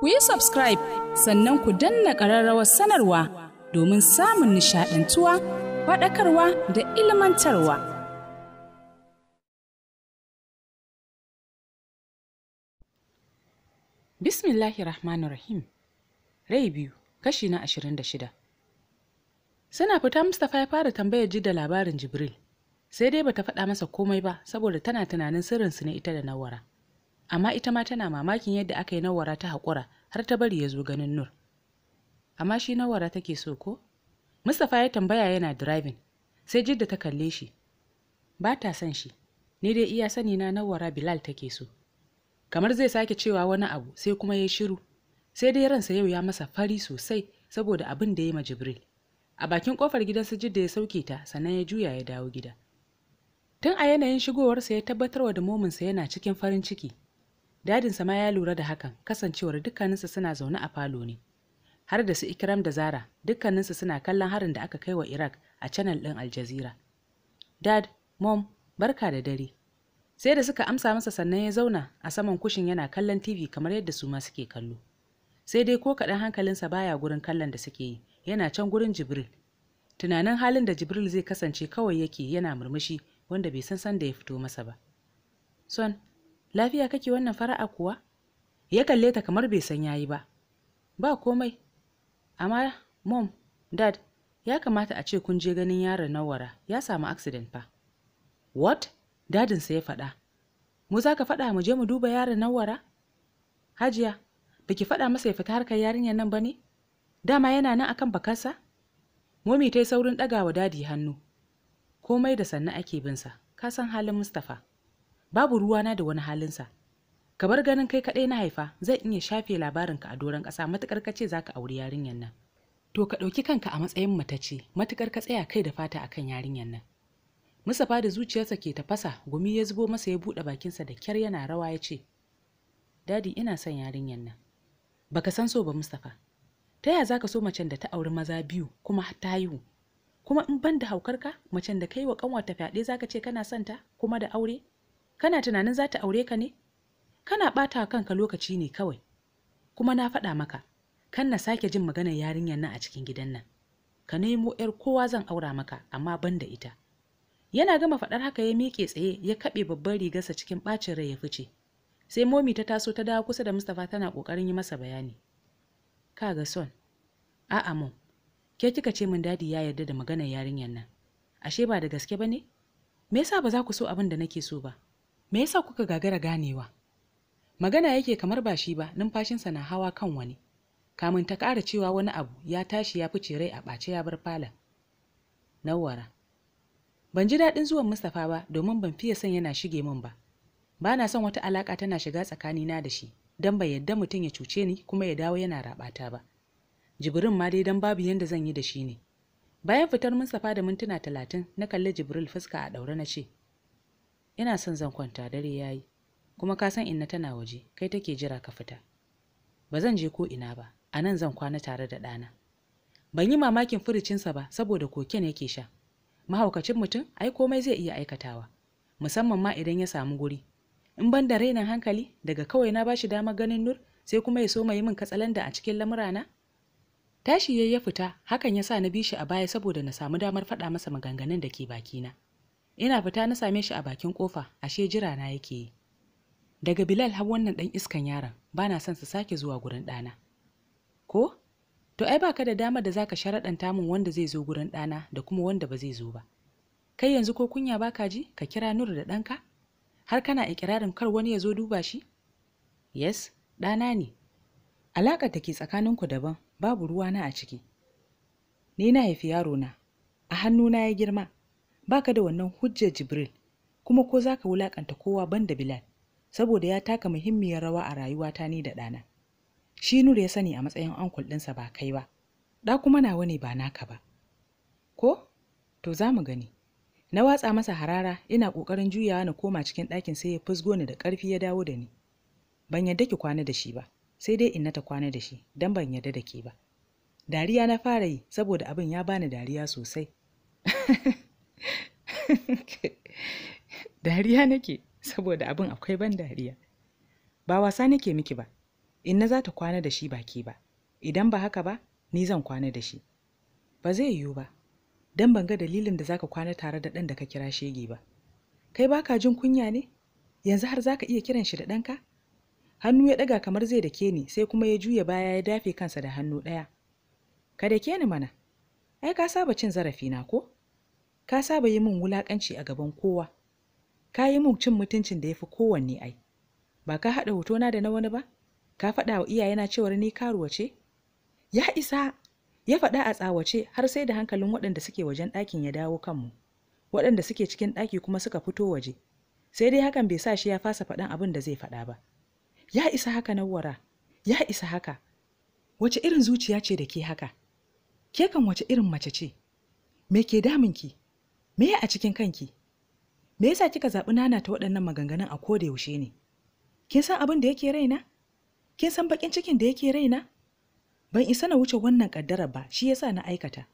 ku yi subscribe sannan ku danna ƙararrawar sanarwa domin samun nishaɗantuwa faɗakarwa da ilmantarwa. Bismillahir Rahmanir Rahim Rai biyu kashi na ashirin da shida. Suna fita Mustapha ya fara tambayar ji da labarin Jibril, sai dai bata faɗa masa komai ba saboda tana tunanin sirrinsu na ita da Nawara. amma ita ma tana mamakin yadda aka yi nawara ta haƙura har ta bari ya zo ganin nur amma shi nawara take so ko mustapha ya tambaya yana driving sai jidda ta kalle shi ba ta son shi ni dai iya sani na nawara bilal take so kamar zai sake cewa wani abu sai kuma ya shiru sai dai ransa yau ya masa fari sosai saboda abin da ya ma jibril a bakin kofar gidan su jidda ya sauke ta sannan ya juya ya dawo gida tun a yanayin shigowarsa ya tabbatarwa da mominsa yana cikin farin ciki Dadinsa ma ya lura da hakan kasancewar dukkaninsu suna zaune a falo ne. Har da su Ikram da Zara dukkaninsu suna kallon harin da aka kai wa Iraq a canal ɗin Al Jazeera. Dad, Mom, barka da dare. Sai da suka amsa masa sannan ya zauna a saman kushin yana kallon TV kamar yadda su ma suke kallo. Sai dai ko kaɗan hankalinsa baya gurin kallon da suke yi, yana can gurin Jibril. Tunanin halin da Jibril zai kasance kawai yake yana murmushi wanda bai san san da ya fito masa ba. Son, lafiya kake wannan fara'a kuwa ya kalle ta kamar bai san yayi ba ba komai amma mom dad ya kamata a ce kun je ganin yaron nawara ya samu accident fa what dadinsa ya faɗa mu za ka faɗa mu je mu duba yaron nawara hajiya ba ki faɗa masa ya fita harkar yarinyar nan ba ne dama yana nan akan bakarsa momi ta yi saurin ɗaga wa dadi hannu komai da sannu ake binsa ka san halin mustapha babu ruwana da wani halinsa ka bar ganin kai kaɗai na haifa zai iya shafe labarin ka a doron ƙasa matuƙar ka ce za ka auri yarinyar nan to ka ɗauki kanka a matsayin matace matuƙar ka tsaya kai da fata a kan yarinyar nan Mustapha da zuciyarsa ke tafasa gumi ya zubo masa ya buɗe bakinsa da kyar yana rawa ya ce dadi ina son yarinyar nan baka san so ba Mustapha ta yaya zaka so macen da ta auri maza biyu kuma ta haihu kuma in ban da haukarka macen da ka yi wa kanwa ta fyaɗe zaka ce kana son ta kuma da aure kana tunanin za ta aure ka ne kana ɓata kanka lokaci ne kawai kuma na faɗa maka kan na sake jin maganar yarinyar nan a cikin gidan nan ka nemo yar kowa zan aura maka amma ban da ita yana gama faɗar haka ya miƙe tsaye ya kaɓe babban rigarsa cikin ɓacin rai ya fice sai momi ta taso ta dawo kusa da mustapha tana ƙoƙarin yi masa bayani ka ga son a'a mun. ke kika ce min dadi ya yarda da maganar yarinyar nan ashe ba da gaske ba ne me yasa ba za ku so abin da nake so ba me yasa kuka gagara ganewa magana yake kamar ba shi ba numfashinsa na hawa kan wani kamun ta ƙara cewa wani abu ya tashi ya fice rai a ɓace ya bar falon nawara ban ji daɗin zuwan mustapha ba domin ban fiye son yana shige min ba ba na son wata alaƙa tana shiga tsakanina da shi don bai yadda mutum ya cuce ni kuma ya dawo yana raɓata ba jibrin ma dai don babu yadda zan yi da shi ne bayan fitar mustapha da mintuna talatin na kalli jibril fuska a ɗaure na ce Yana son zan kwanta dare ya yi. kuma ka san inna tana waje kai take jira ka fita ba zan je ko ina ba a nan zan kwana tare da ɗana ban yi mamakin furicinsa ba saboda koken yake sha mahaukacin mutum ai komai zai iya aikatawa musamman ma idan ya samu guri in ban da rainin hankali daga kawai na bashi damar ganin nur sai kuma ya so mai min katsalan da a cikin lamurana tashi yayi ya fita hakan ya sa na bi shi a baya saboda na samu damar faɗa masa maganganun da ke bakina ina fita na same shi a bakin kofa ashe jira na yake yi daga bilal har wannan dan iskan yaron bana son su sake zuwa gurin dana. ko to ai baka da dama da zaka sharaɗanta min wanda zai zo gurin dana da kuma wanda ba zai zo ba kai yanzu ko kunya baka ji ka kira nuru da danka? har kana ikirarin kar wani ya zo duba shi yes dana ne alaka take tsakanin ku daban babu ruwa na a ciki ni na haifi yaro na a hannuna ya girma baka da wannan hujjar jibril kuma ko zaka wulakanta kowa banda bilal saboda ya taka muhimmiyar rawa a rayuwata ni da ɗana shi nur ya sani a matsayin ankul ɗinsa ba kai ba Da kuma nawa ne ba naka ba ko to za mu gani na watsa masa harara ina ƙoƙarin juyawa na koma cikin ɗakin sai ya fusgo ni da ƙarfi ya dawo da ni ban yadda ki kwana da shi ba sai dai in ta kwana da shi don ban yadda da ke ba dariya na fara yi saboda abin ya bani dariya sosai dariya nake saboda abin akwai ban dariya ba wasa nake miki ba inna za ta kwana da shi baki ba idan ba haka ba ni zan kwana da shi ba zai yiwu ba don ban ga dalilin da za ka kwana tare da ɗan da ka kira shege ba kai baka jin kunya ne yanzu har za ka iya kiran shi da ɗanka hannu ya ɗaga kamar zai dake ni sai kuma ya juya baya ya dafe kansa da hannu ɗaya ka da ke ni mana ai ka saba cin zarafi na ko ka saba yi min wulaƙanci a gaban kowa ka yi min cin mutuncin da ya fi kowanne ai ba ka haɗa hotona da na wani ba ka faɗa wa na cewar ni karuwa ce ya isa ya faɗa a tsawace har sai da hankalin waɗanda suke wajen ɗakin ya dawo kanmu waɗanda suke cikin ɗaki kuma suka fito waje sai dai hakan bai sa shi ya fasa faɗan abin da zai faɗa ba ya isa haka nawara ya isa haka wace irin zuciya ce da ke haka ke kan wace irin mace ce me ke ki? me a cikin kanki me yasa kika zaɓi nana ta waɗannan maganganun a koda yaushe ne kin san abin da yake raina kin san bakin cikin da yake raina ban isa na wuce wannan kaddara ba shi yasa na aikata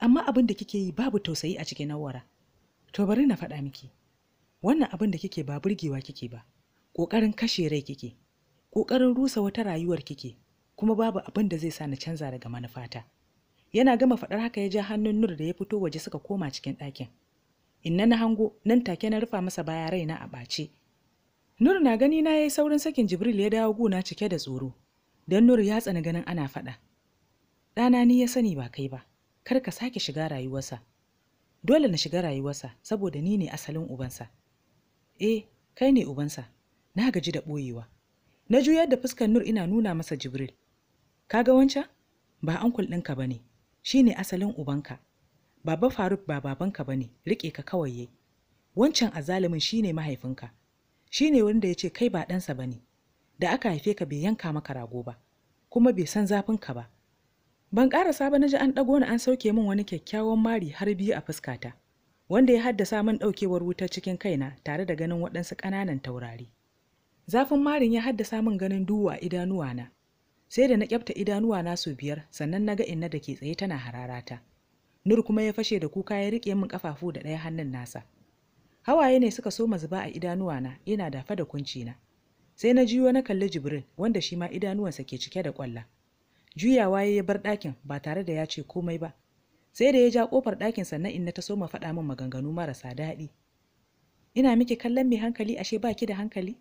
amma abin da kike yi babu tausayi a cikin nawara to bari na faɗa miki wannan abin da kike ba burgewa kike ba ƙoƙarin kashe rai kike ƙoƙarin rusa wata rayuwar kike kuma babu abin da zai sa na canza daga manufata yana gama faɗar haka ya ja hannun nur da ya fito waje suka koma cikin ɗakin inna na hango nan take na rufa masa baya raina a ɓace nur na gani na yayi saurin sakin jibril ya dawo gona cike da tsoro dan nur ya tsani ganin ana faɗa ɗana ni ya sani ba kai ba kar ka sake shiga rayuwarsa dole na shiga rayuwarsa saboda ni ne asalin ubansa E, kai ne ubansa na gaji da ɓoyewa na juyar da fuskar nur ina nuna masa jibril Ka ga wancan ba ankul ɗinka ba ne shi ne asalin ubanka baba faruk ba babanka ba ne Rike ka kawai yai wancan azalimin shi ne mahaifinka shi ne wanda ya ce kai ba ɗansa ba ne da aka haife ka bai yanka maka rago ba kuma bai san zafinka ba ban ƙarasa ba na ji an ɗago ni an sauke min wani kyakkyawan mari har biyu a fuskata wanda ya haddasa min ɗaukewar wutar cikin kaina tare da ganin waɗansu ƙananan taurari zafin marin ya haddasa min ganin duwa idanuwana sai da na kyafta idanuwa na su biyar sannan na ga inna da ke tsaye tana hararata nur kuma ya fashe da kuka ya rike min kafafu da ɗaya hannun nasa hawaye ne suka so ma zuba a idanuwa na ina dafa da kunci na sai na jiyo na kalli jibril wanda shi ma idanuwansa ke cike da kwalla juyawa ya bar ɗakin ba tare da ya ce komai ba sai da ya ja kofar ɗakin sannan inna ta soma faɗa min maganganu marasa daɗi ina miki kallon mai hankali ashe baki da hankali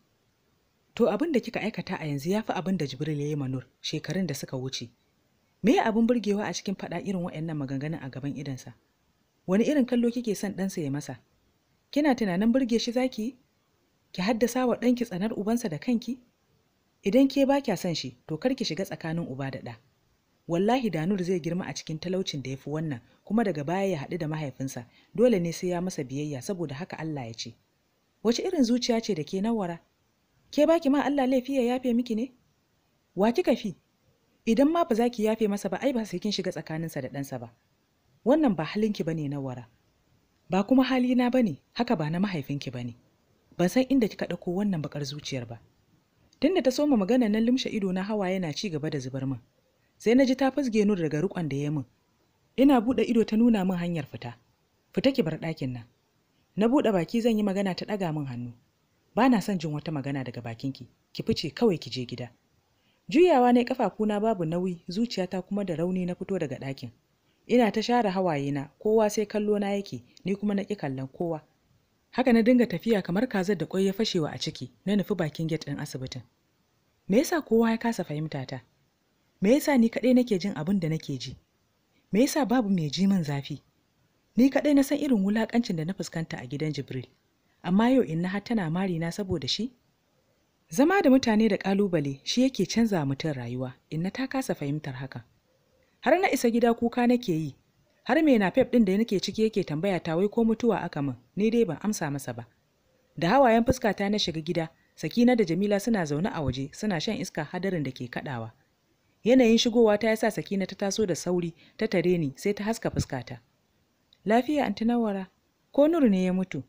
To abin da kika aikata a yanzu ya fi abin da Jibril ya yi manur shekarun da suka wuce. Me ya abin burgewa a cikin faɗa irin waɗannan maganganun a gaban idansa? Wani irin kallo kike son ɗansa ya masa? Kina tunanin burge shi zaki? Ki haddasa wa ɗanki tsanar ubansa da kanki? Idan ke ba kya son shi, to kar ki shiga tsakanin uba da ɗa. Wallahi Danur zai girma a cikin talaucin da ya fi wannan, kuma daga baya ya haɗu da mahaifinsa, dole ne sai ya masa biyayya saboda haka Allah ya ce. Wace irin zuciya ce da ke nawara? ke baki ma Allah laifi ya yafe miki ne wa kika fi idan ma ba za ki yafe masa ba ai ba sai kin shiga tsakaninsa da ɗansa ba wannan ba halin halinki bane na wara ba kuma halina bane haka ba na mahaifinki ba ne. ban san inda kika ɗauko wannan bakar zuciyar ba tunda ta soma magana nan lumshe ido na hawa yana ci gaba da zubar min sai na ji ta fusge nur daga rukon da ya min ina buɗe ido ta nuna min hanyar fita fita ki bar ɗakin nan na buɗe baki zan yi magana ta ɗaga min hannu ba na son jin wata magana daga bakinki ki fice kawai ki je gida juyawa ne kafafuna babu nauyi zuciyata kuma da rauni na fito daga ɗakin ina ta share hawaye na kowa sai kallo na yake ni kuma na ƙi kallon kowa haka na dinga tafiya kamar kazar da ƙwai ya fashewa a ciki na nufi bakin gate ɗin asibitin me yasa kowa ya kasa fahimta ta me yasa ni kaɗai nake jin abin da nake ji me yasa babu mai ji min zafi ni kaɗai na san irin wulaƙancin da na fuskanta a gidan jibril amma yau inna har tana mari na saboda shi zama da mutane da ƙalubale shi yake canza mutum rayuwa inna ta kasa fahimtar haka har na isa gida kuka nake yi har me na fef din da nake ciki yake tambaya ta wai ko mutuwa aka min ni dai ban amsa masa ba da hawayen fuskata na shiga gida sakina da jamila suna zaune a waje suna shan iska hadarin da ke kadawa yanayin shigowa ta yasa sakina ta taso da sauri ta tare ni sai ta haska fuskata lafiya antinawara ko nuru ne ya mutu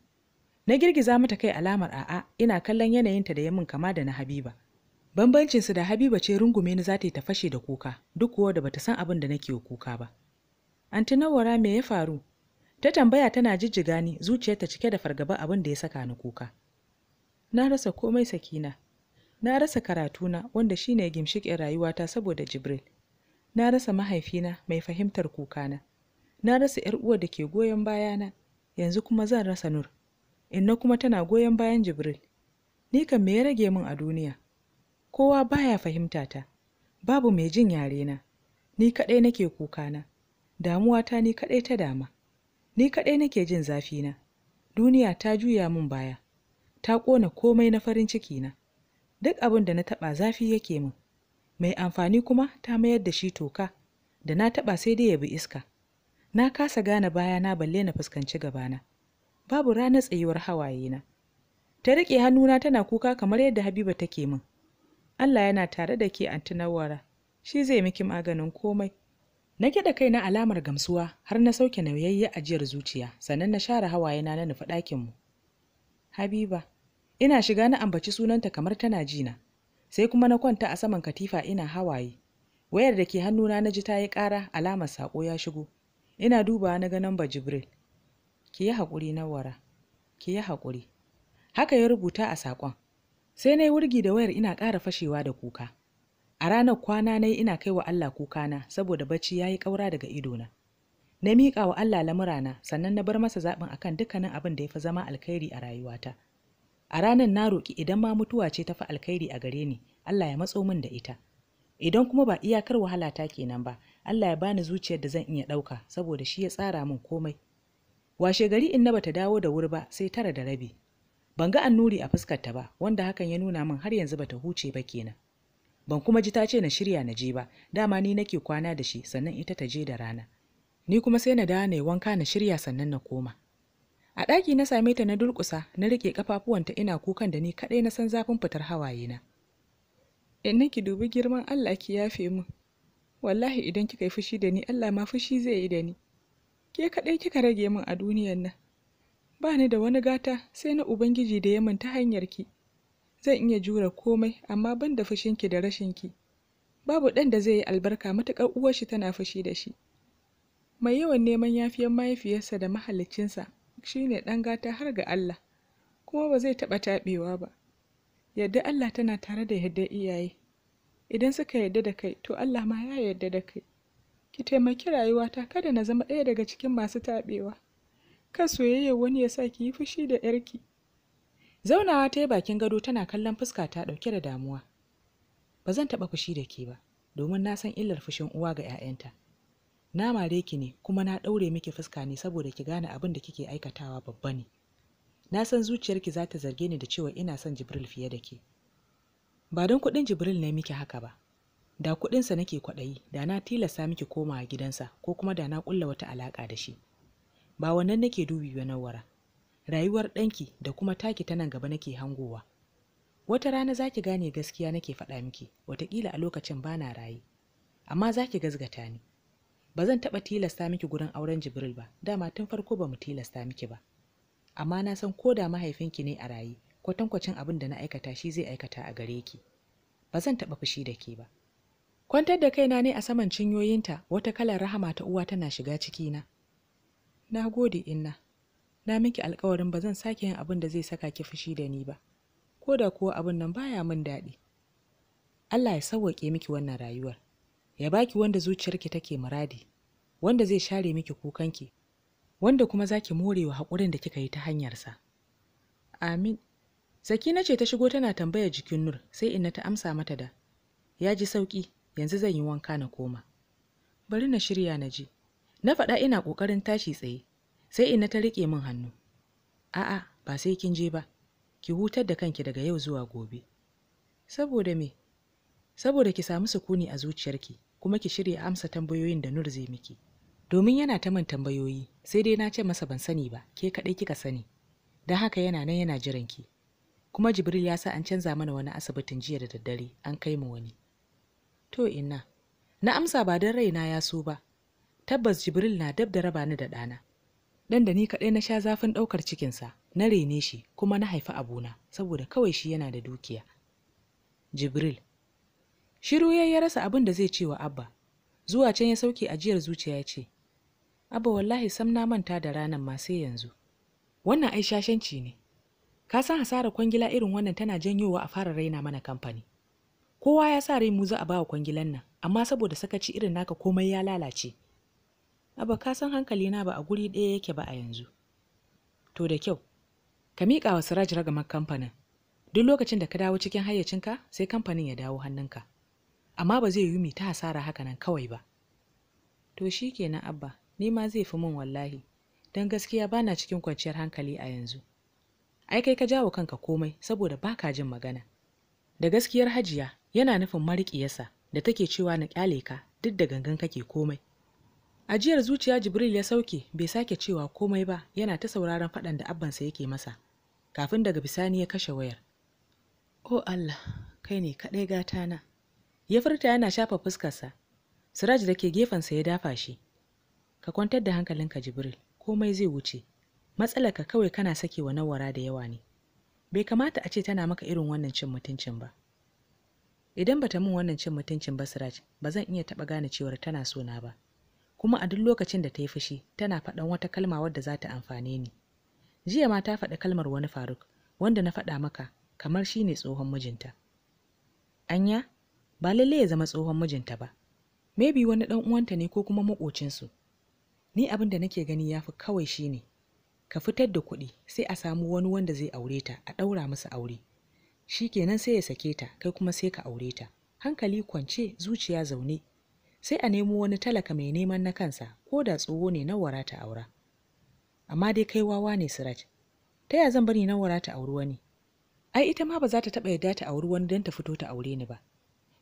na girgiza mata kai alamar a'a ina kallon yanayinta da ya min kama da na habiba bambancin su da habiba ce rungume ni za ta yi ta fashe da kuka duk kuwa da bata san abin da nake kuka ba anti nawara me ya faru ta tambaya tana jijjiga ni zuciyarta cike da fargaba abin da ya saka ni kuka na rasa komai sakina na rasa karatuna wanda shine gimshikin rayuwata saboda jibril na rasa mahaifina mai fahimtar kukana na rasa 'yar uwar da ke goyon bayana yanzu kuma zan rasa nur inna kuma tana goyon bayan jibril ni kan me ya rage min a duniya kowa baya fahimta ta babu mai jin yare na ni kaɗai nake kuka na. damuwata ni kaɗai ta dama ni kaɗai nake jin zafi na. duniya ta juya min baya ta ƙona komai na farin ciki na duk abin da na taɓa zafi yake min mai amfani kuma ta mayar da shi toka da na taɓa sai dai ya bi iska na kasa gane baya na balle na fuskanci gabana babu ranar tsayuwar hawayena ta riƙe hannuna tana kuka kamar yadda habiba take min allah yana tare da ke anti nawara shi zai miki maganin komai na kai na alamar gamsuwa har na sauke nauyayye ajiyar zuciya sannan na share hawayena na nufi ɗakinmu habiba ina shiga na ambaci sunanta kamar tana jina sai kuma na kwanta a saman katifa ina hawaye wayar da ke hannuna na ji ta yi ƙara alamar saƙo ya shigo ina dubawa na ga namba jibril ki yi haƙuri na wara ki yi haƙuri haka ya rubuta a saƙon sai na yi wurgi da wayar ina ƙara fashewa da kuka a ranar kwana na yi ina kai wa allah kuka na, saboda bacci ya yi ƙaura daga idona na miƙa wa allah lamurana sannan na bar masa zaɓin akan dukkanin abin da ya fi zama alkhairi a rayuwata a ranar na roƙi idan ma mutuwa ce ta fi alkhairi a gare ni allah ya matso min da ita idan kuma ba iyakar wahala ta kenan ba Allah ya bani zuciyar da zan iya ɗauka saboda shi ya tsara min komai washe gari in na bata dawo da wuri ba sai tara da rabi ban ga annuri a fuskarta ba wanda hakan ya nuna min har yanzu bata huce ba kenan ban kuma ji ta ce na shirya na je ba dama ni nake kwana da shi sannan ita ta je da rana ni kuma sai na dawo na wanka na shirya sannan na koma a ɗaki na same ta na durƙusa na riƙe ƙafafuwanta ina kukan da ni kaɗai na san zafin fitar hawaye na in ki dubi girman Allah ki yafe min wallahi idan kika yi fushi da ni Allah ma fushi zai yi da ni ke kaɗai kika rage min a duniyan nan ba ni da wani gata sai na ubangiji da ya min ta ki. zan iya jure komai amma ban da fushinki da rashinki babu ɗan da zai yi albarka matuƙar uwarshi tana fushi da shi mai yawan neman yafiyar mahaifiyarsa da mahaliccinsa shine ɗan gata har ga Allah kuma ba zai taɓa taɓewa ba yadda Allah tana tare da yadda iyaye idan suka yadda da kai to Allah ma ya yadda da kai ki taimaki rayuwata kada na zama ɗaya daga cikin masu taɓewa kan soyayya wani ya sa ki yi fushi da yarki zaunawa ta yi bakin gado tana kallon fuska ta ɗauke da damuwa ba zan taɓa fushi da ke ba domin na san illar fushin uwa ga 'ya'yanta na mare ki ne kuma na ɗaure miki fuska ne saboda ki gane abin da kike aikatawa babba ne na san zuciyarki za ta zarge ni da cewa ina son jibril fiye da ke ba don kuɗin jibril ne miki haka ba da kuɗinsa nake kwaɗayi da na tilasta miki komawa gidansa ko kuma da na kulla wata alaƙa da shi ba wannan nake dubi ba nawara rayuwar ɗanki da kuma taki ta nan gaba nake hangowa wata rana za ki gane gaskiya nake faɗa miki watakila a lokacin ba na raye amma za ki gazgata ni ba zan taɓa tilasta miki gurin auren jibril ba dama tun farko ba mu tilasta miki ba amma na san ko da mahaifinki ne a raye kwatankwacin abin da na aikata shi zai aikata a gare ki ba zan taɓa fushi da ke ba kwantar da kaina ne a saman cinyoyinta wata kalar rahama ta uwa tana shiga cikina na gode inna na miki alkawarin ba zan sake yin abin da zai saka ki fushi da ni ba ko da kuwa abin nan baya min daɗi Allah ya sauwaƙe miki wannan rayuwar ya baki wanda zuciyarki take muradi wanda zai share miki kukanki wanda kuma zaki morewa haƙurin da kika yi ta hanyarsa amin sakina ce ta shigo tana tambayar jikin nur sai inna ta amsa mata da ya ji sauƙi yanzu zan yi wanka na koma bari na shirya na ji. na faɗa ina ƙoƙarin tashi tsaye sai ina ta riƙe min hannu a'a ba sai kin je ba ki hutar da kanki daga yau zuwa gobe saboda me saboda ki samu sukuni a zuciyarki kuma ki shirya amsa tambayoyin da nur zai miki domin yana ta min tambayoyi sai dai na ce masa ban sani ba ke kaɗai kika sani don haka yana nan yana jiranki kuma jibril ya sa an canza mana wani asibitin jiya da daddare an kai mu wani To ina, na amsa ba don raina ya so ba, tabbas Jibril na dab da raba ni da ɗana. Dan da ni kaɗai na sha zafin ɗaukar cikinsa, na rene shi kuma na haifi abuna, saboda kawai shi yana da dukiya. Jibril. Shiru ya ya rasa abin da zai ce wa Abba, zuwa can ya sauke ajiyar zuciya ya ce, Abba wallahi sam na manta da ranan ma sai yanzu. Wannan ai shashanci ne. Ka san hasara kwangila irin wannan tana janyowa a fara raina mana kamfani. kowa ya sa rai mu za a ba wa kwangilan nan amma saboda sakaci irin naka komai ya lalace abba ka san hankali na ba a guri ɗaya yake ba a yanzu to da kyau ka miƙa wa siraj ragamar kamfanin duk lokacin da ka dawo cikin hayyacinka sai kamfanin ya dawo hannunka amma ba zai yi mi ta hasara haka nan kawai ba to shi kenan abba ni ma zai fi min wallahi don gaskiya bana cikin kwanciyar hankali a yanzu ai kai ka jawo kanka komai saboda baka jin magana da gaskiyar hajiya yana nufin marikiyarsa da take cewa na kyale ka duk da gangan kake komai ajiyar zuciya jibril ya sauke bai sake cewa komai ba yana ta sauraron faɗan da abbansa yake masa kafin daga bisani ya kashe wayar o allah kai ne kaɗai gata na ya furta yana shafa fuskarsa siraj da ke gefensa ya dafa shi ka kwantar da hankalinka jibril komai zai wuce Matsala-ka kawai kana sakewa nawara da yawa ne bai kamata a ce tana maka irin wannan cin mutuncin ba idan bata mun wannan cin mutuncin ba ba zan iya taɓa gane cewar tana so na ba kuma a duk lokacin da ta yi fushi tana faɗan wata kalma wadda za ta amfane ni jiya ma ta faɗi kalmar wani faruk wanda na faɗa maka kamar shi ne tsohon mijinta anya ba lallai ya zama tsohon mijinta ba maybe wani ɗan uwanta ne ko kuma maƙocinsu ni abin da nake gani ya fi kawai shi ne. ka fitar da kuɗi sai a samu wani wanda zai aure ta a ɗaura musu aure shi kenan sai ya sake ta kai kuma sai ka aure ta hankali kwance zuciya zaune sai a nemo wani talaka mai neman na kansa ko da tsoho ne na wara ta aura amma dai kai wawa ne siraj ta ya zan bari na wara ta auri wani ai ita ma ba za ta taɓa yarda ta auri wani don ta fito ta aure ni ba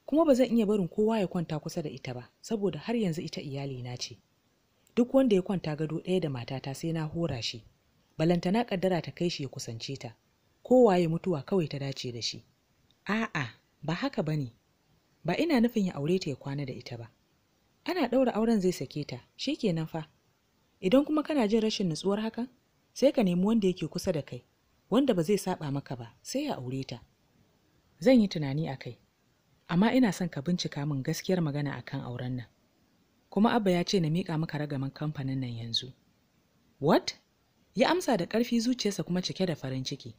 kuma ba zan iya barin kowa ya kwanta kusa da ita ba saboda har yanzu ita iyali na ce duk wanda ya kwanta gado ɗaya da matata sai na hora shi balantana kaddara ta kai shi ya kusance ta kowaye mutuwa kawai ta dace da shi a'a ba haka ba ne ba ina nufin ya aure ta ya kwana da ita ba ana ɗaura auren zai sake ta shi kenan fa idan kuma kana jin rashin nutsuwar hakan sai ka nemi wanda yake kusa da kai wanda ba zai saba maka ba sai ya aure ta zan yi tunani a kai amma ina son ka bincika min gaskiyar magana a kan auren nan kuma abba ya ce na miƙa maka ragaman kamfanin nan yanzu what ya amsa da ƙarfi zuciyarsa kuma cike da farin ciki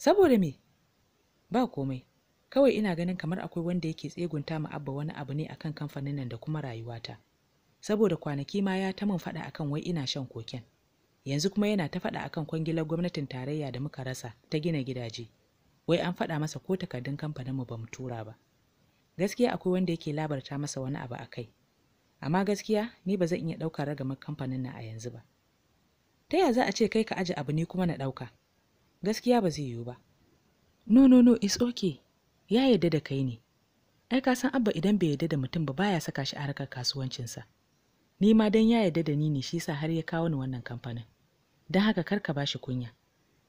saboda me ba komai kawai ina ganin kamar akwai wanda yake tsegunta ma abba wani abu ne akan kamfanin nan da kuma rayuwata saboda kwanaki ma ya ta min faɗa akan wai ina shan koken yanzu kuma yana ta faɗa akan kwangilar gwamnatin tarayya da muka rasa ta gina gidaje wai an faɗa masa ko takardun kamfanin mu bamu tura ba gaskiya akwai wanda yake labarta masa wani abu akai amma gaskiya ni ba zan iya ɗaukar ragamar kamfanin nan a yanzu ba ta ya za a ce kai ka aje abu ne kuma na ɗauka gaskiya ba zai yiwu ba no no no it's okay ya yarda da kai ne ai ka san abba idan bai yarda da mutum ba baya saka shi a harkar kasuwancinsa ni ma dan ya yarda da ni ne shi sa har ya kawo ni wannan kamfanin don haka kar ka bashi kunya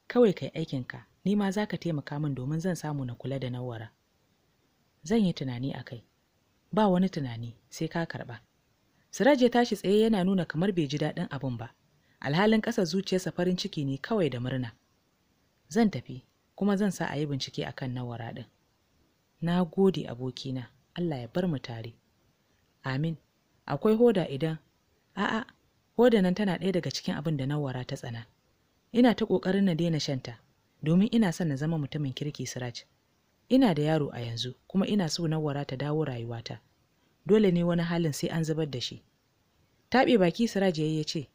kawai kai aikinka ni ma za ka taimaka min domin zan samu na kula da nawara zan yi tunani a kai ba wani tunani sai ka karɓa siraj ya tashi tsaye yana nuna kamar bai ji daɗin abun ba alhalin ƙasa zuciyarsa farin ciki ne kawai da murna Zan tafi, kuma zan sa a yi bincike a kan nawara ɗin. Na gode abokina, Allah ya bar mu tare. Amin, akwai hoda idan, a'a, hoda nan tana ɗaya daga cikin abin da nawara ta tsana. Ina ta ƙoƙarin na daina shanta, domin ina son na zama mutumin kirki Siraj. Ina da yaro a yanzu, kuma ina so nawara ta dawo rayuwata. Dole ne wani halin sai an zubar da shi. Taɓe baki Siraj ya ce,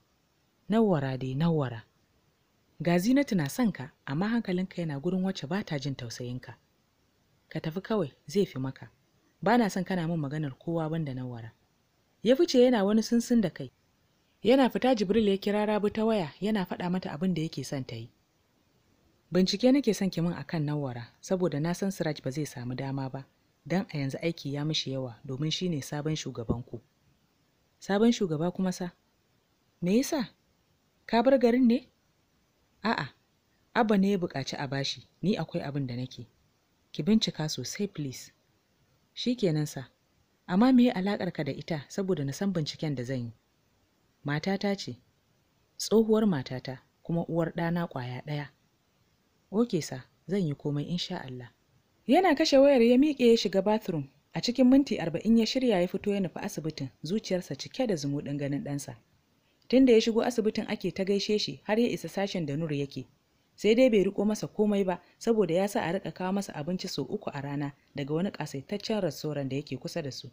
Nawara dai, nawara. ga zinatu na son ka amma hankalinka yana gurin wacce ba ta jin tausayinka ka tafi kawai zai fi maka ba na son kana min maganar kowa banda na wara ya fice yana wani sunsun da kai yana fita jibril ya kira rabu ta waya yana faɗa mata abin da yake son ta yi bincike nake son ki min akan nawara saboda na san siraj ba zai samu dama ba dan a yanzu aiki ya mishi yawa domin shine sabon shugaban ku sabon shugaba kuma sa me yasa ka bar garin ne A'a, Abba ne ya buƙaci a bashi, ni akwai abin da nake. Ki bincika sosai please. Shi kenan sa, amma me ka da ita saboda na san binciken da zan yi. Matata ce, tsohuwar matata kuma uwar ɗana ƙwaya ɗaya. Oke sa, zan yi komai insha Allah. Yana kashe wayar ya miƙe ya shiga bathroom. A cikin minti arba'in ya shirya ya fito ya nufi asibitin zuciyarsa cike da zumuɗin ganin ɗansa. Tun da ya shigo asibitin ake ta gaishe shi har ya isa sashen da nur yake sai dai bai riko masa komai ba saboda ya sa a rika kawo masa abinci sau uku a rana daga wani kasaitaccen rassoran da yake kusa da su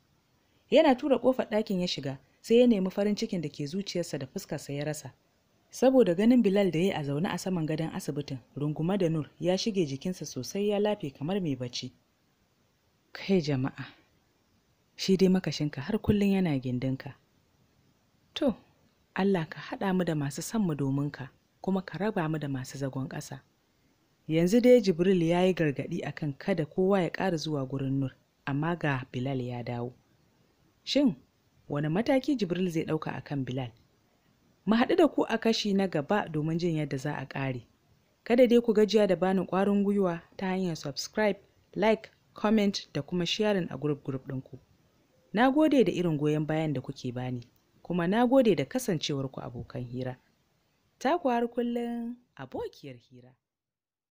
yana tura kofar ɗakin ya shiga sai ya nemi farin cikin da ke zuciyarsa da fuskarsa ya rasa saboda ganin bilal da ya a zaune a saman gadon asibitin runguma da nur ya shige jikinsa sosai ya lafe kamar mai bacci kai jama'a shi dai makashinka har kullum yana gindinka to Allah ka haɗa mu da masu san mu domin ka kuma ka raba mu da masu zagon ƙasa yanzu dai jibril ya yi gargaɗi akan kada kowa ya ƙara zuwa gurin nur amma ga bilal ya dawo shin wani mataki jibril zai ɗauka a kan bilal mu haɗu da ku a kashi na gaba domin jin yadda za a ƙare kada dai ku gajiya da bani ƙwarin gwiwa ta hanyar subscribe like comment da kuma sharing a gurub gurub ɗinku na gode da irin goyon bayan da kuke bani kuma na gode da kasancewarku abokan hira. Taku har kullum abokiyar hira.